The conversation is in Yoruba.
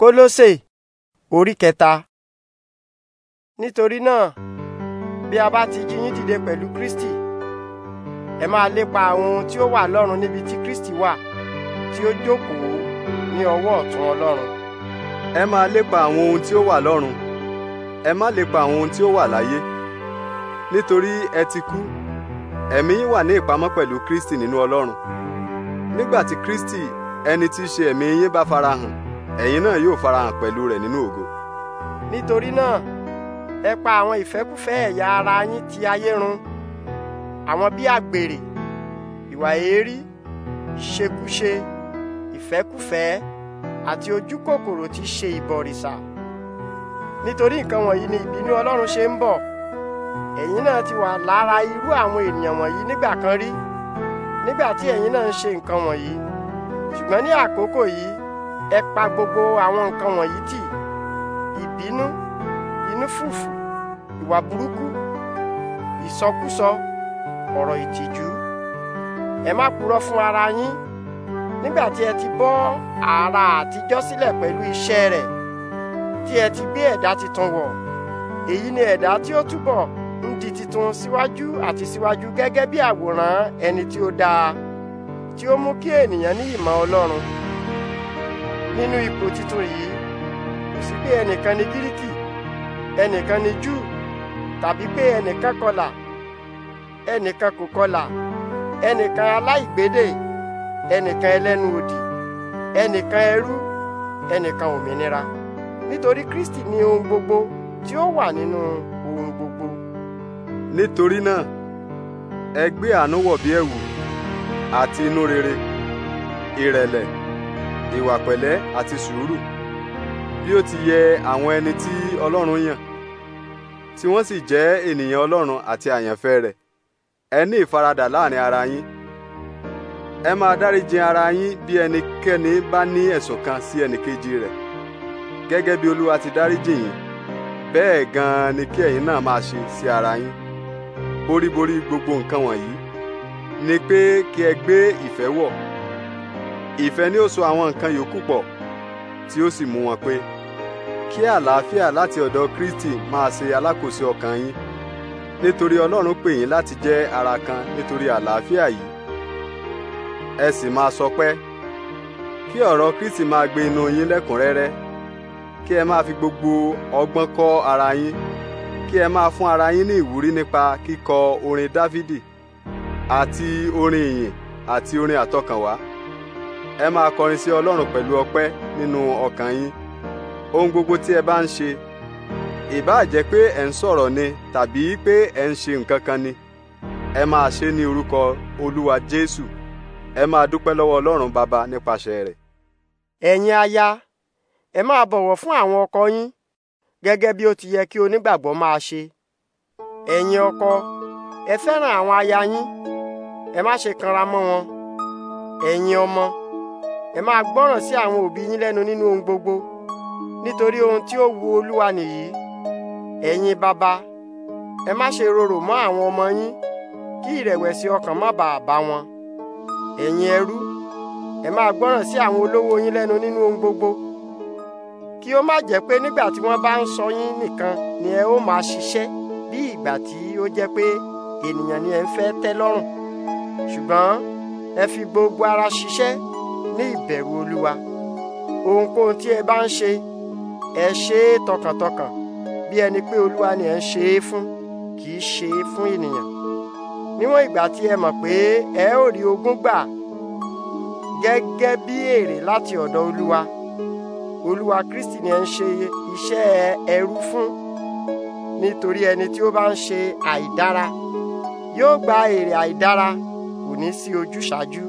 Kólósè orí kẹta. Nítorí náà, bí a bá ti jí yín dìde pẹ̀lú Kristi, ẹ máa lépa àwọn ohun tí ó wà lọ́run níbi tí Kristi wà, tí ó jókòó ní ọwọ́ ọ̀tún Ọlọ́run. Ẹ máa lépa àwọn ohun tí ó wà lọ́run, ẹ má lépa àwọn ohun tí ó wà láyé. Nítorí ẹ ti kú, ẹ̀mí yín wà ní ìpamọ́ pẹ̀lú Kristi nínú Ọlọ́run. Nígbà tí Kristi, ẹni tí í ṣe ẹ̀mí yín bá farahàn, ẹ̀yin náà yóò farahàn pẹ̀lú rẹ̀ nínú ògo. nítorí náà ẹ pa àwọn ìfẹ́kúfẹ́ ẹ̀yà ara yín ti ayé run àwọn bíi àgbèrè ìwà èérí ṣekúṣe ìfẹ́kúfẹ́ àti ojú kòkòrò ti ṣe ìbọ̀rìṣà nítorí nǹkan wọ̀nyí ni ìbínú Ọlọ́run ṣe ń bọ̀ ẹ̀yin náà ti wà lára irú àwọn ènìyàn wọ̀nyí nígbà kan rí nígbà tí ẹ̀yin náà ń ṣe nǹkan wọ̀nyí ṣùgbọ́n ní àkókò yìí ẹ pa gbogbo àwọn nǹkan wọ̀nyí tì ìbínú inú fùfù ìwà burúkú ìsọkúsọ ọ̀rọ̀ ìtìjú ẹ má purọ́ fún ara yín nígbà tí ẹ ti bọ́ ara àtijọ́ sílẹ̀ pẹ̀lú iṣẹ́ rẹ̀ tí ẹ ti gbé ẹ̀dá titun wọ̀ èyí ni ẹ̀dá tí ó túbọ̀ ń di titun síwájú àti síwájú gẹ́gẹ́ bí àwòrán ẹni tí ó dáa tí ó mú kí ènìyàn ní ìmọ̀ Ọlọ́run. nínú ipò titun yìí kò sí pé ẹnìkan ni gíríkì ẹnìkan ni júù tàbí pé ẹnìkan kọlà ẹnìkan kò kọlà ẹnìkan aláìgbédè ẹnìkan ẹlẹ́nu òdì ẹnìkan ẹrú ẹnìkan òmìnira nítorí Kristi ni ohun gbogbo tí ó wà nínú ohun gbogbo. nítorí náà ẹ gbé àánú wọ̀ bí ẹ̀wù àti inú rere ìrẹ̀lẹ̀. ìwà pẹ̀lẹ́ àti sùúrù bí ó ti yẹ àwọn ẹni tí Ọlọ́run yàn tí wọ́n sì jẹ́ ènìyàn Ọlọ́run àti àyànfẹ́ rẹ̀ ẹ ní ìfaradà láàrin ara yín ẹ máa dáríjì ara yín bí ẹnikẹ́ni bá ní ẹ̀sùn kan sí ẹnìkejì rẹ̀ gẹ́gẹ́ bí Olúwa ti dáríjì yín bẹ́ẹ̀ gan-an ni kí ẹ̀yin náà máa ṣe sí ara yín boríborí gbogbo nǹkan wọ̀nyí ni pé kí ẹ gbé ìfẹ́ wọ̀ ìfẹ́ ni ó so àwọn nǹkan yòókù pọ̀ tí ó sì mú wọn pé kí àlàáfíà láti ọ̀dọ̀ Kristi máa ṣe alákòóso ọkàn yín nítorí Ọlọ́run pè yín láti jẹ́ ara kan nítorí àlàáfíà yìí ẹ sì máa sọpẹ́ kí ọ̀rọ̀ Kristi máa gbé inú yín lẹ́kùnrẹ́rẹ́ kí ẹ máa fi gbogbo ọgbọ́n kọ́ ara yín kí ẹ máa fún ara yín ní ìwúrí nípa kíkọ orin Dáfídì àti orin ìyìn àti orin àtọkànwá ẹ máa kọrin sí ọlọ́run pẹ̀lú ọpẹ́ nínú ọkàn yín ohun gbogbo tí ẹ bá ń ṣe ìbá jẹ́ pé ẹ ń sọ̀rọ̀ ni tàbí pé ẹ ń ṣe nǹkan kan ni ẹ máa ṣe ní orúkọ olúwa jésù ẹ máa dúpẹ́ lọ́wọ́ ọlọ́run bàbá nípasẹ̀ rẹ̀. ẹ̀yin aya ẹ máa bọ̀wọ̀ fún àwọn ọkọ yín gẹ́gẹ́ bí ó ti yẹ kí onígbàgbọ́ máa ṣe ẹ̀yin ọkọ ẹ fẹ́ràn àwọn aya yín ẹ má ṣe kanra mọ́ wọn ẹ̀yin ọmọ ẹ máa gbọ́ràn sí àwọn òbí yín lẹ́nu nínú ohun gbogbo nítorí ohun tí ó wu olúwa nìyí ẹ̀yin bàbá ẹ má ṣe rorò mọ́ àwọn ọmọ yín kí ìrẹ̀wẹ̀sì ọkàn má bàa bá wọn ẹ̀yin ẹrú ẹ máa gbọ́ràn sí àwọn olówó yín lẹ́nu nínú ohun gbogbo kí ó má jẹ́ pé nígbà tí wọ́n bá ń sọ yín nìkan ni ẹ ó máa ṣiṣẹ́ bí ìgbà tí ó jẹ́ pé ènìyàn ni ẹ ń fẹ́ tẹ́ lọ́rùn ṣùgbọ́n ẹ fi gbogbo ara ṣiṣẹ́ ní ìbẹ̀rù olúwa ohunkóhun tí ẹ bá ń ṣe ẹ ṣe é tọkàntọkàn bí ẹni pé olúwa ni ẹ ń ṣe é fún kì í ṣe é fún ènìyàn níwọ̀n ìgbà tí ẹ mọ̀ pé ẹ ó rí ogún gbà gẹ́gẹ́ bí èrè láti ọ̀dọ̀ olúwa olúwa kristi ni ẹ ń ṣe iṣẹ́ ẹrú fún nítorí ẹni tí ó bá ń ṣe àìdára yóò gba èrè àìdára kò ní sí ojúṣàájú